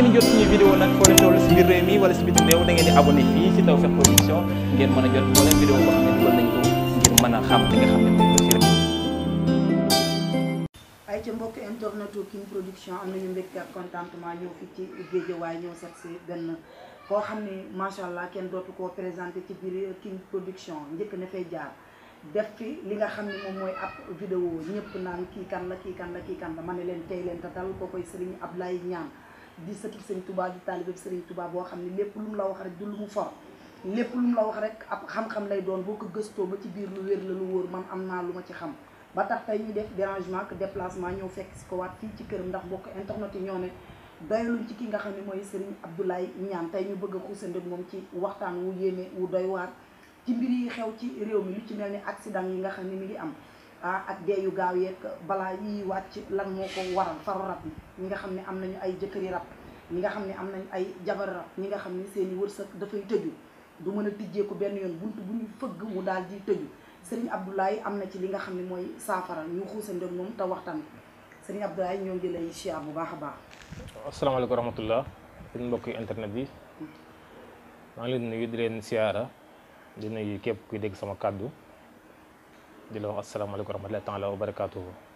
ngeen jot suñu vidéo wala si biti réew da a jot moo leen vidéo boo xam ne dugal ay ca mbokk internetu King Production am nañu mbégte ak contentement ñëw fii ci Géejawaay ñëw sax si benn koo xam ne macha allah kenn dootu koo présenté ci biir King Production njëkk na fay jaar. def fi li nga xam ne moom mooy ab vidéo ñëpp naan kii kan la kii kan la kii kan la ma ne leen tey leen te dal ko koy Serigne Ablaye Niane di sëtub sëriñ Touba di taalibe sëriñ tubaab boo xam ne lépp lu mu la wax rek du lu mu for lépp lu mu la wax rek ab xam-xam lay doon boo ko gëstoo ba ci biir lu wér la lu wóor man am naa lu ma ci xam ba tax tey ñu def dérangement que déplacement ñëw fekk si ko waat fii ci këram ndax mbokk internet ñoo ne doyaluñ ci ki nga xam ne mooy sëriñ Abdoulaye Niane tey ñu bëgg a xuusandeeg moom ci waxtaan wu yéeme wu doy waar ci mbir yi xew ci réew mi lu ci mel ni accident yi nga xam ne mi ngi am ah ak dee yu gaaw yeeg balaa yi waat ci lan moo ko waral faru rab yi ñi nga xam ne am nañu ay jëkkëri rab ñi nga xam ne am nañ ay jabara rab ñi nga xam ne seen i wërsëg dafay tëju du mën a ko benn yoon buntu bu ñu fëgg mu daal di tëju Serigne Abdoulaye am na ci li nga xam ne mooy saafara ñu xuusandoog moom te waxtaan Serigne Abdoulaye ñoo ngi lay siyaar bu baax a baax. asalaamaaleykum wa rahmatullah suñu internet bi maa ngi leen nuyu di leen siyaara di nuyu képp kuy dégg sama kàddu di la wax asalaamaaleykum wa rahmatulah taala wa barakaatuhu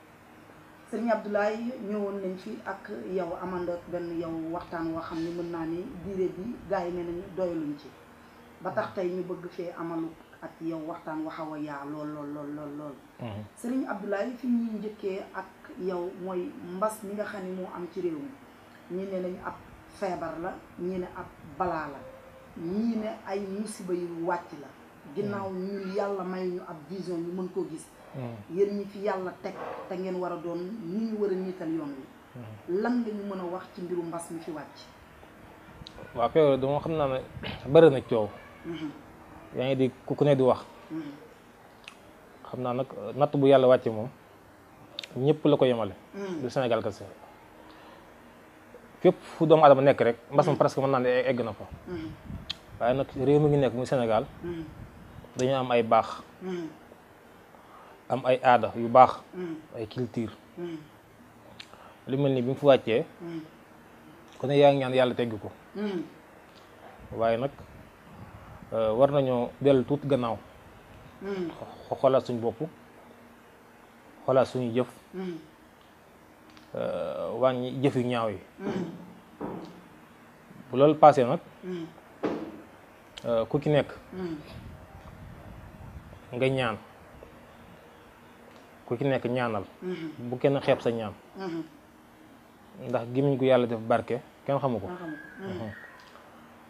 sëriñ Abdoulaye ñëwoon nañ fi ak yow amanda benn yow waxtaan woo xam ni mën naa ni diire bi gars yi nee nañu doyaluñ ci ba tax tey ñu bëgg fee amalu ak yow waxtaan waxawa yaa lool lool lool lool sëriñ Abdoulaye fi ñuy njëkkee ak yow mooy mbas mi nga xam ni moo am ci réew mi ñi ne nañ ab feebar la ñi ne ab balaa la ñii ne ay musiba yu wàcc la ginnaaw ñun yàlla may ñu ab vision ñu mën koo gis Mm. yéen ñi fi yàlla teg te ngeen war a doon ñi ñu war a wi mm. lan nga ñu mën a wax ci mbiru mbas mi fi wàcc waaw feebar dama xam naa ne bëri na mm-hmm. ngi di ku ku di wax mm-hmm. naa nag euh, natt bu yàlla wàcce moom ñëpp la ko yemale lu mm. Sénégal kese fépp fu doomu adama nekk rek mbas ma presque mën naa ne e-, egg na fa mm-hmm. waaye nag réew mi ngi nekk muy Sénégal dañu am ay baax am ay aada yu baax mm. ay culture mm. lu mel ni bi mu fi wàccee mm. ku ne yaa ñaan yàlla tegg ko waaye nag euh, war nañoo dellu tuut gannaaw xoolaat suñu bopp xoolaat suñu jëf euh, wàññi jëf yu ñaaw yi bu loolu paasee nag euh, ku ci nekk nga ñaan ku ci nekk ñaanal mm-hmm. bu kenn xeeb sa ñaan mm-hmm. ndax gémmiñ gu yàlla def barke kenn xamu ko mm-hmm.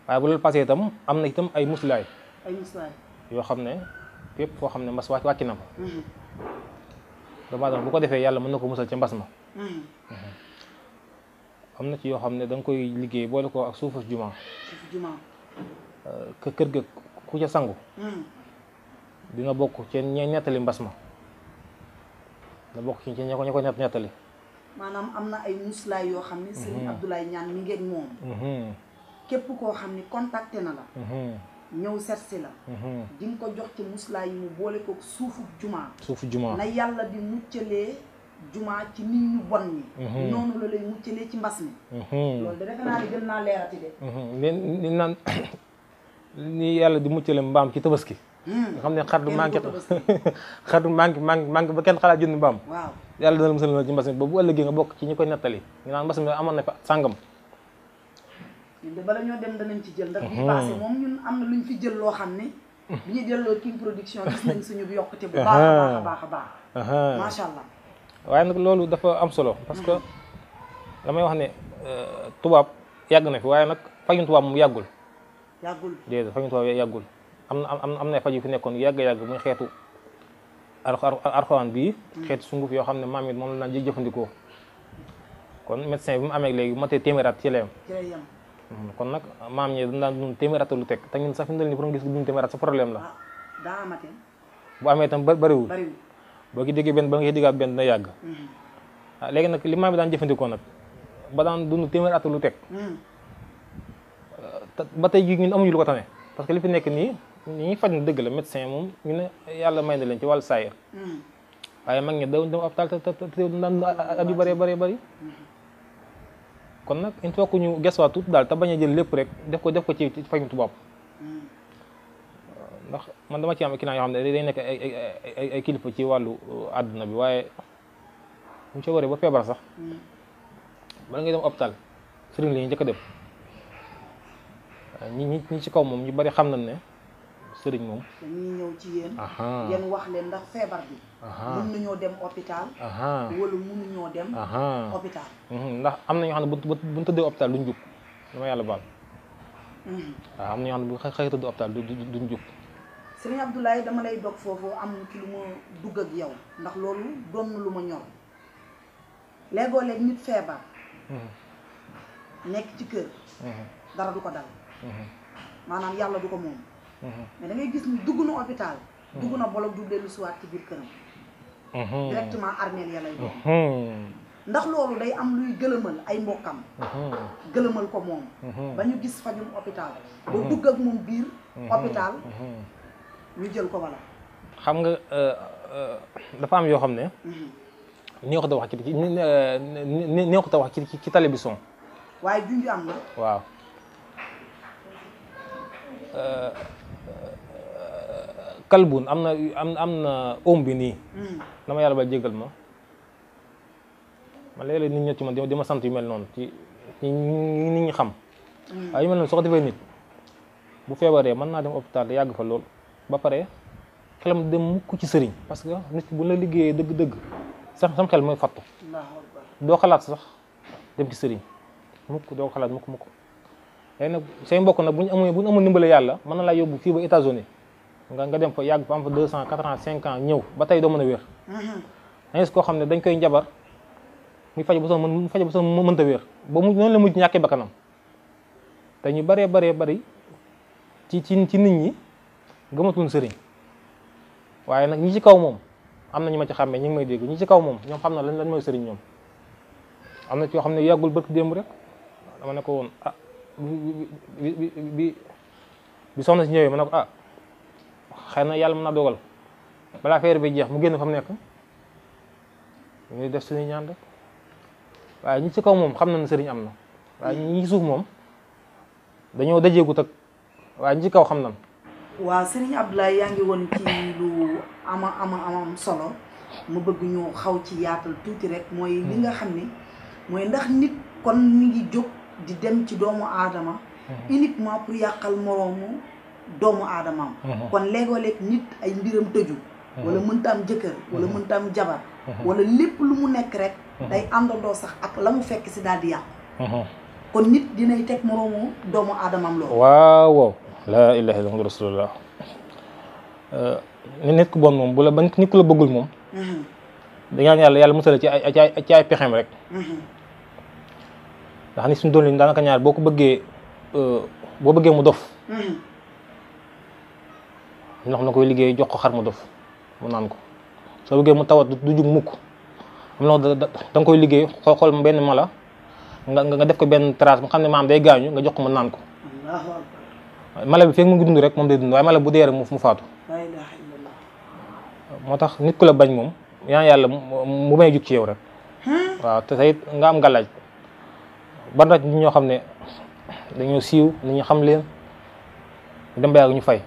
waaye bu loolu passé itam am na itam ay muslaay yoo xam ne fépp foo xam ne mbas wàcc na ko doomu aadama bu ko defee yàlla mën na ko musal ca mbas ma am na ci yoo xam ne danga koy liggéey boole ko ak suufu jumaa euh, kër ga ku ca sangu dina bokk ca ñe nettali mbas ma da bokk ci ñi ko ñi ko nettali. maanaam am na ay muslaay yoo xam ne. Mhm. Serigne Abdoulaye ñaan mi ngi moom. Mhm. képp koo xam ne contacté na la. Mhm. ñëw seet la. di nga ko jox ci muslaay yi mu boole ko suufu jumaa. suufu jumaa na yàlla di muccalee jumaa ci nit ñu bon ñi. noonu la lay muccalee ci mbas mi. loolu de defe naa ne gën naa leerati de. ni naan ni yàlla di muccalee mbaam ci tabaski. Hmm. nga xam ne xar du manqué xar du manqué manqué manqué ba kenn xalaat jënd mbaam yàlla dana musal la ci mbas mi ba bu ëllëgee nga bokk ci ñi koy nettali nga naan mbas mi amoon na fa de bala ci jël ndax hmm. am na fi jël loo xam ne bi ñu delloo King Production gis nañ suñu a a baax waaye nag loolu dafa am solo parce que damay wax ne euh, tubaab yàgg na fi waaye nag fajum tubaab moom yàggul yàggul déedéet fajum tubaab yàggul am na am na faj yu fi nekkoon yàgg-yàgg muy xeetu arxuraan bi mm. xeet sunguf yoo xam ne maam it moom la daan jëfandikoo kon médecin bi mu amee léegi bu matee téeméer mm, kon nag maam ñi dañ daan dund lu teg te ñun sax fi mu ne nii pour gis dund téeméer at sa problème la ah, bu amee itam bëriwul boo ki déggee benn ba nga déggaat benn dina yàgg mm-hmm. ah, léegi nag li maam yi daan jëfandikoo nag ba daan dund téeméer lu teg mm. ah, ba tey jii ñun amuñu lu ko tane parce que li fi nekk nii ñi ñuy faj na dëgg la médecin moom ñu ne yàlla may na leen ci wàllu saayir hmm. waaye mag ñi daw dem hôpital te te naan at yu bëree bëri bëri hmm. kon nag il faut que daal te bañ a jël lépp rek def ko def ko ci fajum tubaab hmm. ndax man dama ci am client yoo xam ne day nekk kilifa ci wàllu uh, àdduna bi waaye bu ñu waree ba feebar sax bala ngay dem hôpital sëriñ la ñuy a dem ñi ñi ci kaw moom ñu bari xam na ne. sëriñ moom. dañuy ñëw ci yéen. ngeen wax leen ndax feebar bi. mun nañoo dem hôpital. wala munuñoo dem. hôpital. Mhm. ndax am na ñoo xam ne bu bu bu tëddee hôpital duñ jug dama yàlla baal. Mhm. waaw am na ñoo xam ne bu xëy tëdd hôpital duñ jug. dama lay dog foofu am ci lu ma dugg ak yow ndax loolu doon na lu ma ñor léegoo léeg nit feebar. Mhm. nekk ci kër. dara du ko dal. maanaam yàlla du ko moom. Mm-hmm. mais da ngay gis ni dugg na hôpital. dugg na bolog du dellu siwaat ci biir këram. Mm-hmm. directement armeel ya lay doon mm-hmm. ndax loolu day am luy gëlëmal ay mbokkam gëlëmal ko moom ba ñu gis fajum hôpital ba dugg ak moom biir hôpital ñu jël ko wala xam nga euh, euh, dafa am yoo xam ne neexut wax ci neexut a wax ci ci euh, télévision waaye junju am na waaw kalbun am na am am na om bi nii. dama hmm. yàlla ba jégal ma. man léeg-léeg nit ñi ci di ma sant yu mel noonu ci ci nit ñi xam. Hmm. waaye yu mel noonu soo ko defee nit bu feebaree mën naa dem hôpital yàgg fa lool ba pare xelam dem mukk ci sëriñ parce que nit bu la liggéeyee dëgg-dëgg sax sam xel mooy doo xalaat sax dem ci sëriñ mukk doo xalaat mukk mukk léegi nag say mbokk nag bu ñu amee bu ñu amul ndimbale yàlla mën na laa yóbbu fii ba États-Unis nga nga dem fa yàgg fa am fa deux cent quatre ans cinq ans ñëw ba tey doo mën a wér mhm. dangis koo xam ne dañ koy njabar muy faj ba sa mu faj ba sa mënta wér ba mu noonu la mujj ñàkkee bakkanam te ñu bëree bëree bëri ci ci ci nit ñi gëmatuñ sëriñ waaye nag ñi ci kaw moom am na ñu ma ci xàmmee ñu ngi may dégg ñi ci kaw moom ñoom xam na lan lan mooy sëriñ ñoom am na ci yoo xam ne yàggul bët démb rek dama ne ko woon ah bi bi bi soxna si ñëwee ma ah xëy na yàlla mën na dogal balaa affaire bi jeex mu génn fa mu nekk ñuy def suñuy ñaan rek waaye ñi ci kaw moom xam nañ sëriñ am na waaye ñi suuf moom dañoo dajeegut ak waaye ñi ci kaw xam na waaw sëriñ Abdoulaye yaa ngi woon ci lu ama ama amam solo mu bëgg ñu xaw ci yaatal tuuti rek mooy li nga xam ni mooy ndax nit kon mi ngi jóg di dem ci doomu aadama hmm. uniquement pour yàqal moroomu doomu aadamaam uh-huh. kon léegoo léeg nit ay mbiram tëju uh-huh. wala mënta am jëkkër wala uh-huh. mënta am jabar wala lépp lu mu nekk rek day àndandoo sax ak la mu fekk si daal di yàqu kon nit dinay teg moroomu doomu aadamaam loolu waaw waaw laa ilaaha illallaah rasulullah uh, nit ku bon moom bu la ba nit ku la bëggul moom da yàlla yàlla musal ci ay ci ay pexeem rek ndax ni suñu doon lañ daanaka ñaar boo ko bëggee uh, boo bëggee mu dof ndox na koy liggéey jox ko xar mu dof mu naan ko soo bëggee mu tawat du jug mukk am na da nga koy liggéey xool xool benn mala nga nga def ko benn trace mu xam ne maam day gaañu nga jox ko mu naan ko mala bi fekk mu ngi dund rek moom day dund waaye mala bu dee rek mu faatu moo tax nit ku la bañ moom yaa yàlla mu may jug ci yow rek hmm? waaw te sayit nga am gàllaaj ban nag ñoo xam ne dañoo siiw ni ñu xam leen dem ba yàgg ñu fay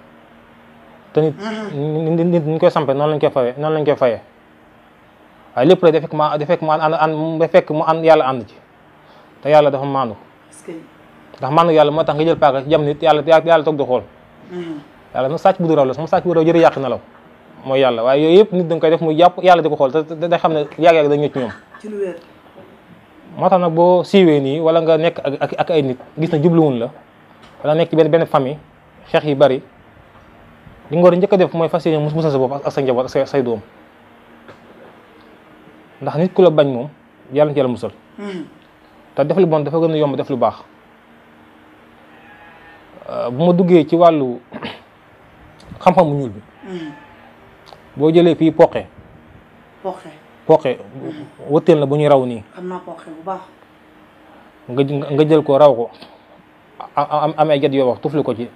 te nit nit ñu koy sampe noonu lañ koy fawee noonu lañ koy fayee waaye lépp rek da fekk ma da fekk mu ànd ànd da fekk mu ànd yàlla ànd ci te yàlla dafa maandu ndax maandu yàlla moo tax nga jël paaka jam nit yàlla yàlla toog di xool hmm. yàlla mu sàcc bu du raw la su mu sàcc bu raw jëri yàq na law mooy yàlla waaye yooyu yëpp nit da nga koy def muy jàpp yàlla di ko xool te day xam ne yàgg-yàgg dañ ñëw ci ñoom moo tax nag boo siiwee nii wala nga nekk ak ak ay nit gis na jubluwun la wala nekk ci benn benn famille xeex yi bari li nga war a njëkk def mooy fas yéene mus musal sa bopp ak sa njaboot ak say doom ndax nit ku la bañ moom yàlla ci yàlla musal hmm. te def lu bon dafa gën a yomb def lu baax euh, bu ma duggee ci wàllu xam-xam bu ñuul bi hmm. boo jëlee fii poqe poqe poqe hmm. wëtteel na bu ñu raw nii am naa nga jël ko raw ko am amee jat yoo wax tufli ko ci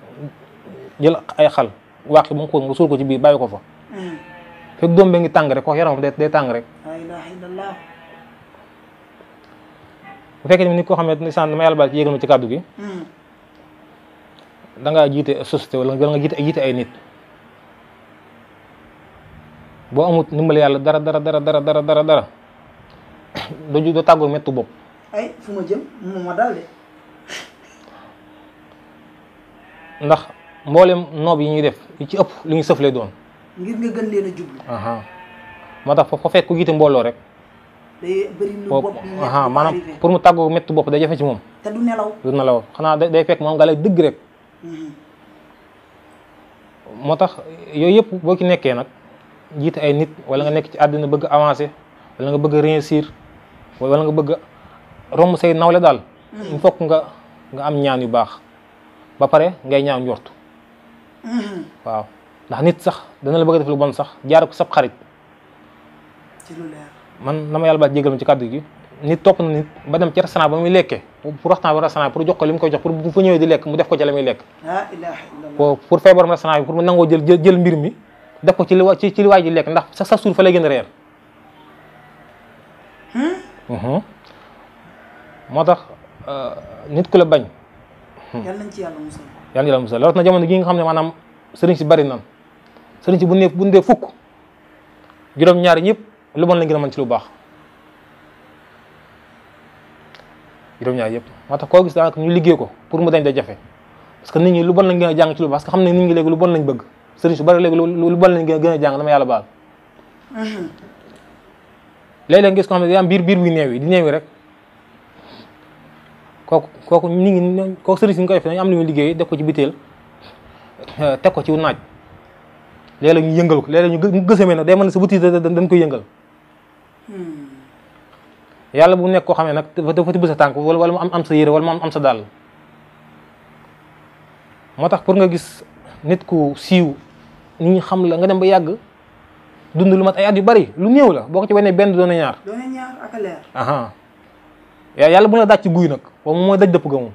jël ay xal wàq ba mu xóot nga suul ko ci biir bàyyi ko fa fekk hmm. doom bi ngi tàng ko kooku yaramam day tàng rek bu fekkee ni nit koo xam ne sànni ma yàlla baal ma ci kàddu gi hmm. da ngaa jiite société wala ay jiite ay nit boo amut ndimbal yàlla dara dara dara dara dara dara dara doo doo tàggoo mettu ay fu ma jëm moom ma daal de ndax mboolem noob yi ñuy def yi ci ëpp lu ñu sëf doon. ngir nga moo tax foofu fekk ku jiite mbooloo rek. day pour mu tàggoo métti bopp da jafe ci moom. te du nelaw du xanaa day fekk moom nga lay dëgg rek. Mm-hmm. moo tax yooyu yëpp boo ci nekkee nag jiite ay nit wala nga nekk ci àddina bëgg avancer wala nga bëgg a réussir wala nga bëgg a romb say nawle daal. Mm-hmm. il fokk nga nga am ñaan yu baax ba pare ngay ñaaw njortu. Mm-hmm. waaw ndax nit sax dana la bëgg a def lu bon sax jaar ko sab xarit. ci lu leer man na ma yàlla baal jégal ma ci kàddu gi. nit topp na nit ba dem ci restaurant ba muy lekkee pour waxtaan ba restaurant pour jox ko li mu koy jox pour bu fa ñëwee di lekk mu def ko ci la muy lekk. ah ilaaha pour feebaram restaurant bi pour mu nangoo jël jël mbir mi def ko ci li waa ci li waa ji lekk ndax sa sa suur fa lay gën a reer. Hmm? Mm-hmm. moo tax euh, nit ku la bañ. Hmm. yàlla nañ ci yàlla musal. yàlla ñu daal musal rawat na jamono gi nga xam ne maanaam sëriñ si bari nan sëriñ si bu ne bu dee fukk juróom-ñaar ñëpp lu bon lañ gën a mën ci lu baax juróom-ñaar yëpp moo tax koo gis daanaka ñu liggéey ko pour mu dañ da jafe parce ñi lu bon lañ gën a jàng que xam ne nit ñi léegi bon lañ bëgg sëriñ su bari léegi lu bon lañ gën a jàng dama yàlla baal léeg-léeg ngis ko xam ne yaa biir biir bi néew yi di néew rek kooku kooku ñu ngi kooku service bi ñu am lu ñu liggéey de ko ci biteel euh, teg ko ci naaj léeg-léeg ñu yëngal ko ñu gësamee na day mën na sa buti dañ koy yëngal hmm. yàlla bu nekk koo xam ne nag dafa tibb sa tànk wala wala mu am am sa yére wala mu am sa dàll moo tax pour nga gis nit ku siiw nit ñu xam la nga dem ba yàgg dund lu mat ay at yu bari lu néew la boo ko ci wanee benn doona ñaar doona ñaar ak leer aha yàlla bu la daaj ci guy nag boobu mooy daj dëpp ga moom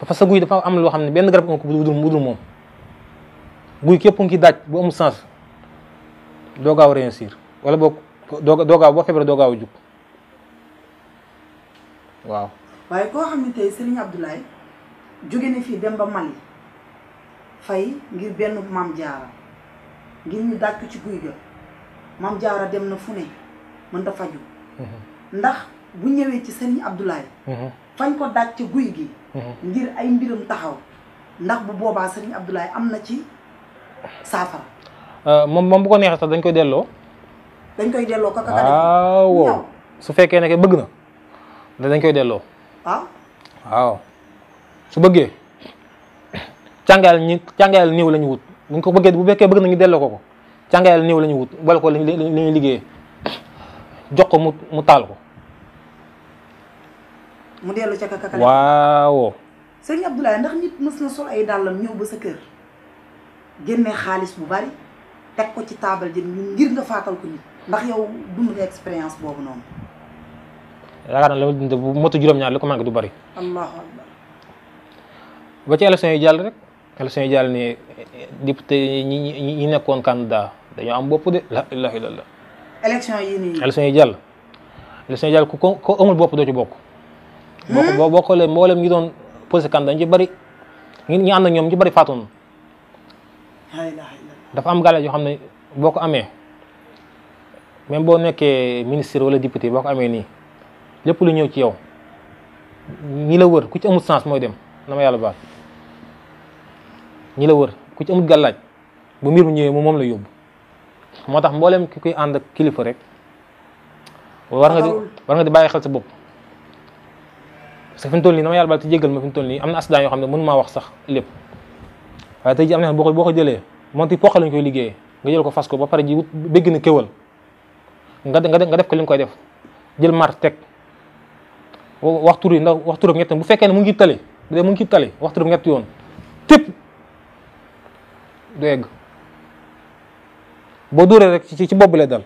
dafa que guy dafa am loo xam ne benn garab nga ko budul budul moom guy képp nga ci bu amul sens doo gaaw réussir wala boo doo gaaw boo feebaree doo gaaw jug waaw. waaye koo xam ne tey Serigne Abdoulaye jóge na fii dem ba Mali fay ngir benn maam jaara ngir ñu daaj ko ci guy ga maam jaara dem na fu ne mën ta faju mhm. ndax. bu ñëwee ci Serigne Abdoulaye. Mhm. fañ ko daaj ci guy gi. Mhm. ngir ay mbiram taxaw ndax bu boobaa Serigne Abdoulaye am na ci saafara. Euh, moom moom bu ko neexee sax dañ koy delloo. dañ koy delloo ko kaka su fekkee ne bëgg na dañ koy delloo. Ah. waaw su bëggee càngaayal ñi càngaayal néew la ñu wut buñ ko bëggee bu fekkee bëgg na ñu delloo ko ko càngaayal néew la ñu wut boole ko li ñuy liggéeyee jox ko mu mu taal ko. mu dellu ca kakakale. waaw. sëñ Abdoulaye ndax nit mës na sol ay dàllam ñëw ba sa kër génne xaalis bu bari teg ko ci taabal ji ngir nga faatal ko nit ndax yow dund nga expérience boobu noonu. yaakaar naa la ma dund bu motu juróom-ñaar li ko manqué du bari. allahu akbar. ba ci élection yi jàll rek élection yi jàll ni député ñi ñi ñi nekkoon candidat dañoo am bopp de la ilaha illallah. élection yi nii. élection yi jàll. élection ko ku ko amul bopp doo ci bokk. boo boo boo xoolee mboolem ñu doon posé candidat ñu ci bëri ñu ñu ñoom ñu ci bëri faatu dafa am gàllankoor yoo xam ne boo ko amee même boo nekkee ministre wala député boo amee nii lépp lu ñëw ci yow ñi la wër ku ci amul sens mooy dem na ma yàlla baal ñi la wër ku ci amul gàllaaj bu mbir mu ñëwee mu moom la yóbbu moo tax mbooleem ki koy ànd ak kilifa rek war nga di war nga di bàyyi xel bopp. parce que fi mu toll nii dama yàlla baal te jégal ma fi nii am na accident yoo xam ne mënu maa wax sax lépp waaye tey ji am na boo ko boo ko jëlee monti poq lañ koy liggéeyee nga jël ko fas ko ba pare ji wut bégg na kéwal nga nga def ko li nga koy def jël mar teg waxtu yi ndax waxtu rek bu fekkee ne mu ngi tali mu ngi tali waxtu rek ñett yoon tépp du egg boo dóoree rek ci ci bopp lay dal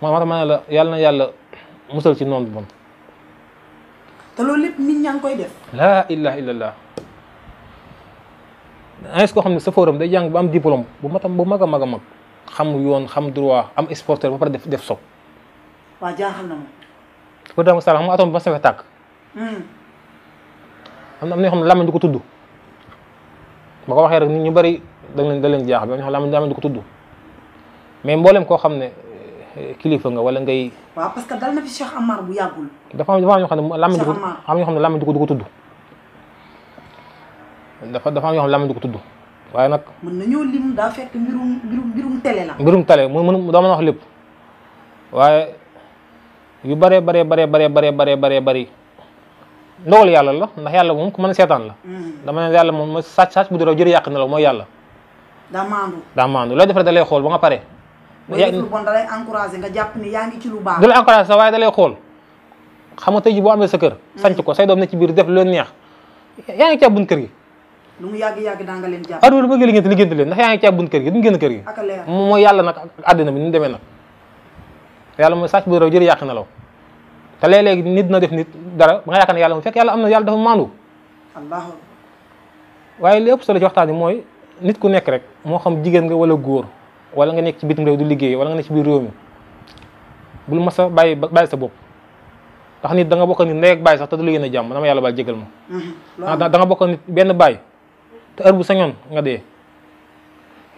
moo tax ma ne la yàlla na yàlla musal ci noonu bon te loolu lépp nit ñaa ngi koy def. laa ilaha illallah. est-ce que koo xam ne sa forum day jàng ba am diplôme bu matam bu mag a mag a mag xam yoon xam droit am exporteur ba pare def def soog. waaw jaaxal na ma. ko dama sala xam nga atom ba safee tàkk. Hmm. am na am na xam ne làmmiñ du ko tudd. ba ko waxee rek nit ñu bari da leen da leen jaaxal ba nga xam ne làmmiñ du ko tudd mais mboolem koo xam ne. kilifa nga walla ngay. waaw parce que dal na fi Cheikh Amar bu yàggul. dafa ne làmmiñ du ko am ñoo xam ne làmmiñ du tudd. waaye nag. mën nañoo lim daa fekk mbirum mbirum mbirum télé la. mbirum télé mu mën doo wax lépp waaye yu bëree bëree bëree bëree bëree bëree bëree yàlla la ndax yàlla moom ku mën a seetaan la. Mm. dama ne yàlla moom mooy sàcc sàcc bu dara jëri yàq na la mooy yàlla. daa maandu daa looy def rek da lay xool ba nga pare yaa ngi bon da lay encouragé nga jàpp yaa ngi ci lu baax. da lay encouragé sax waaye da lay xool xam nga tey jii boo amee sa kër. Mm. sanc ko say doom na ci biir def lu leen neex yaa ngi ci bunt kër gi. lu mu yàgg yàgg daa nga leen jàpp. adduna bëgg liggéeyante liggéeyante leen ndax yaa ngi ci bunt kër gi duñ génn kër nag ak àddina bi ni mu demee nag. yàlla mooy sàcc bu raw jëri yàq na law te léeg-léeg nit na def nit dara ba nga yaakaar ne yàlla mu fekk yàlla am na yàlla dafa maandu. waaye li ëpp solo ci waxtaan bi mooy nit ku nekk rek moo xam jigéen nga wala góor wala nga nekk ci bitim réew du liggéey wala nga nekk ci biir réew mi sa bopp ndax nit da nga bokk nit ndey ak bàyyi sax la yéen a jàmm dama mm-hmm. benn bàyyi bu sañoon nga dee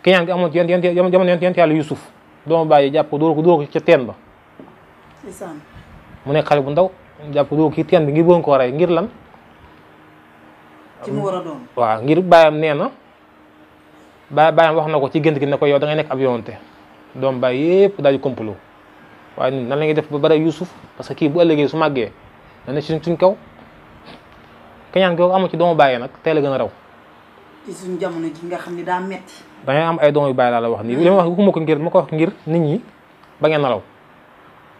kiñaan gi amoon ci yent yent jamono yent yàlla Yusuf jàpp ko dóor ko ca teen mu nekk xale bu ndaw jàpp ko dóor ko ci teen bi ngir bëgg koo rey ngir lan ci ngir bàyyam nee na ba bàyyam wax na ko ci gént gi ne ko yow da nekk ab yowante doom baay yëpp daal di complot waaye ñun nan la ñuy def ba bare Yuusuf parce que kii bu ëllëgee su màggee dana ci suñ kaw kañaan googu amu ci doomu bàyyee nag tey la gën a raw. ci suñ xam ne daa metti da am ay doom yu bàyyi laa la wax nii li ma wax waxuma ko ngir ma ko wax ngir nit ñi ba ngeen nalaw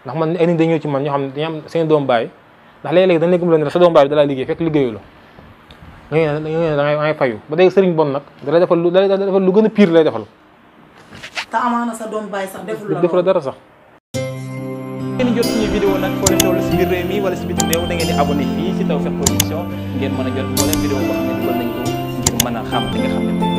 ndax man ay nit dañoo ci man ñoo xam ne dañoo am seen doom baay ndax léeg-léeg dañ lay gëm la ne sa doom baay bi liggéey fekk liggéeyu la da ngay da ngay fayu ba léegi sëriñ bon nag dalay defal lu dalay defal lu gën a pire la defal. te amaana sa doom bàyyi sax deful la deful dara sax. ngeen jot suñu vidéo nag foo leen toll si biir réew mi wala si bitim réew da ngeen di abonné fii ngeen mën a jot moo leen a